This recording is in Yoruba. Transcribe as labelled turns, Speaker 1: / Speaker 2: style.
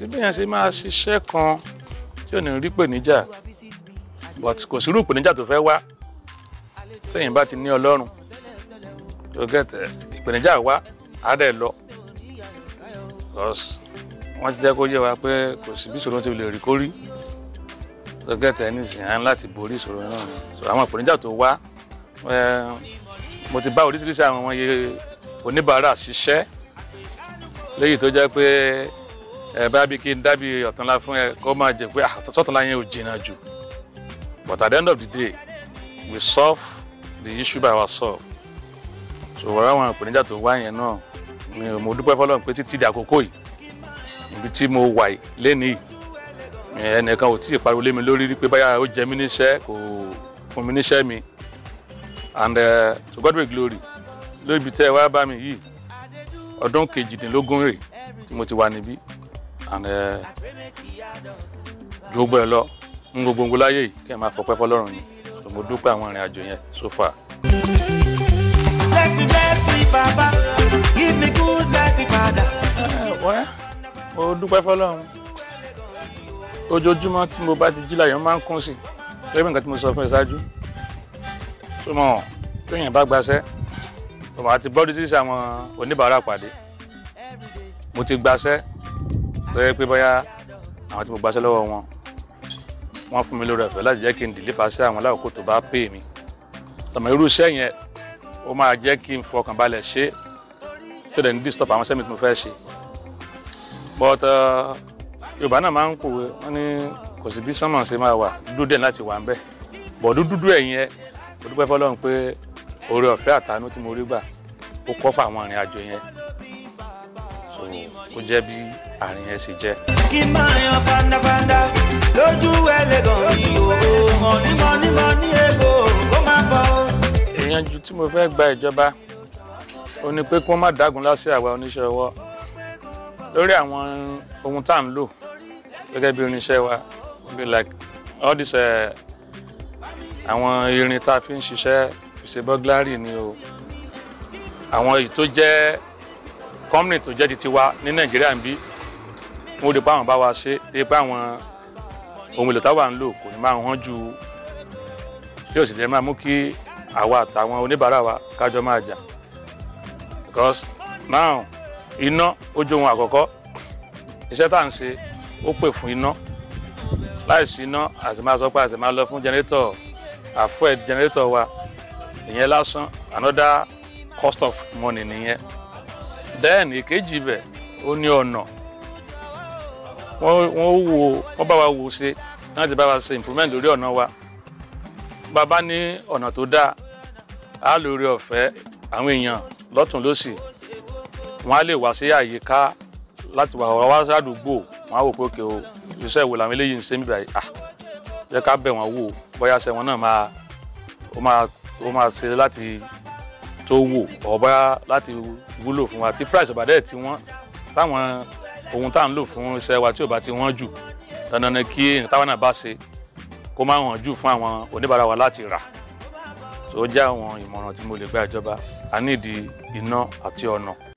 Speaker 1: sí yẹn ṣe máa ṣiṣẹ́ kan tí ò ní rí pèníjà but kò sí irú ìpèníjà tó fẹ́ wá tẹ̀yìn bá ti ní ọlọ́run tó gẹ̀tẹ̀ eh, ìpèníjà wá á dẹ̀ lọ wọ́n ti jẹ́ kó yé wa pé kò sí bí ìṣòro ti lè rí kórí tó gẹ̀tẹ̀ ní ìsìn láti borí ìṣòro náà so àwọn ìpèníjà tó wá eh, mo ti bá oríṣiríṣi àwọn oníbàárà ṣiṣẹ́ léyìí tó jẹ́ pé ẹ bá bí kí n dábì ọ̀túnla fún ẹ kó máa jẹ pé sọ́túnla ah, yẹn ò jìnnà jù but at the end of the day we solve the issue by ourselves so wọ́n àwọn ìpèníjà tó wá yẹn náà mi ò mo dúpẹ́ fọlọ́run pé títí di àkókò yìí ibi tí mo wà lẹ́nìí ẹnìkan ò tíì pariwo lé mi lórí rí pé báyà ó jẹ mí níṣẹ́ kò fún mi níṣẹ́ mi and uh, to God be glory lórí ibi tẹ́ ẹ wá bá mi yìí ọdún kejìdínlógún rèé tí mo ti wà níbí and uh, ju gbogbo ẹ lọ ń gbogbo láyé yìí kí ẹ máa fọpẹ́ fọ́lọ́run ni so mo dúpẹ́ àwọn ìrìn àjò yẹn so far. bless me bless me baba give me good life father. wẹ́ mo dúpẹ́ fọ́lọ́run ojoojúmọ́ tí mo bá ti jí láyọ̀ máa ń kún sí lórí nǹkan tí mo sọ fún ẹ ṣáájú tó mọ̀ tó yẹn bá gbaṣẹ́ mo máa ti bọ́ lórí àwọn oníbàárà pàdé mo ti gbaṣẹ́ tó yẹ pé bóyá àwọn tí mo gbaṣẹ́ lọ́wọ́ wọn wọ́n fún mi lórí ọ̀fẹ́ láti jẹ́ kí n dìlífà sí àwọn lákòókò tó bá pè mí tọmọ irú iṣẹ́ yẹn ó máa jẹ́ kí n fọkàn balẹ̀ ṣe tó dẹ̀ ní disturb àwọn sẹ́mi tí mo fẹ́ ṣe but uh, yorùbá náà máa ń kòwé wọ́n ní kò sí bí sánmà ṣe máa wà dúdú dẹ̀ láti wà ń bẹ̀ but dúdú ẹ̀ yẹn mo dúpẹ́ fọlọ́run pé oore ọ̀fẹ́ àtàánú tí mo rí gbà ó kọ́ fún àwọn ìrìn àjò yẹn so ó jẹ́ bí àárín ẹ̀ ṣe jẹ́. kí n máa yan fandafanda lójú ẹlẹ́gàn yìí o mọ̀ní mọ̀ní mọ̀ní ó máa bọ̀. ìyanjú tí mo fẹ́ gba ìjọba ó ní pé kí wọ́n má dágun lásì àwa oníṣẹ́ ọwọ́ lórí àwọn ohun tá à ń lò gẹ́gẹ́ bí oníṣẹ́ wa be like all this eh, àwọn irin tá a fi ń ṣiṣẹ́ ṣe bọ́gláàrì ni o àwọn èyí tó jẹ́ company tó jẹ́ ti tiwa ní nàìjíríà ń bí wọ́n lè pa àwọn bá ṣe lè pa àwọn ohun èlò táwa ń lò kò ní máa hàn ju tí ò sì lè máa mú kí àwa àtàwọn oníbàárà wa kájọ máa jà because now iná ó jó ohun àkọ́kọ́ iṣẹ́ tá à ń ṣe ó pè fún iná láìsí iná àti máa sọ pé àti máa lọ fún jẹnẹrétọ̀ àfọ ẹ̀ jẹnẹrétọ̀ wa ìyẹn lásán another cost of money nìyẹn then ìkejì bẹ̀ ó ní ọ̀nà wọ́n wo wọ́n bá wa wò ṣe láti bá wa ṣe improvement lórí ọ̀nà wa bàbá ní ọ̀nà tó dáa á lórí ọ̀fẹ́ àwọn èèyàn lọ́tún lọ́sì wọ́n á lè wá sí àyíká láti wà wá sádùúgbò wọ́n á wò pé òkè o iṣẹ́ ìwò làwọn eléyìí ń ṣe à ah, jẹ́ ká bẹ̀ wọ́n wò bóyá ṣe wọn náà máa ó máa ṣe láti tó wò ọba láti wúlò fún wa tí price ọba dẹ̀ tí wọ́n táwọn ohun tá à ń lò fún iṣẹ́ wa tí ò bá ti wọ́n jù dandan ni kí táwọn náà bá ṣe kó má wọ́n jù fún àwọn oníbàárà wa láti rà tó jẹ́ àwọn ìmọ̀ràn tí mo lè gba ìjọba a nídìí iná àti ọ̀nà.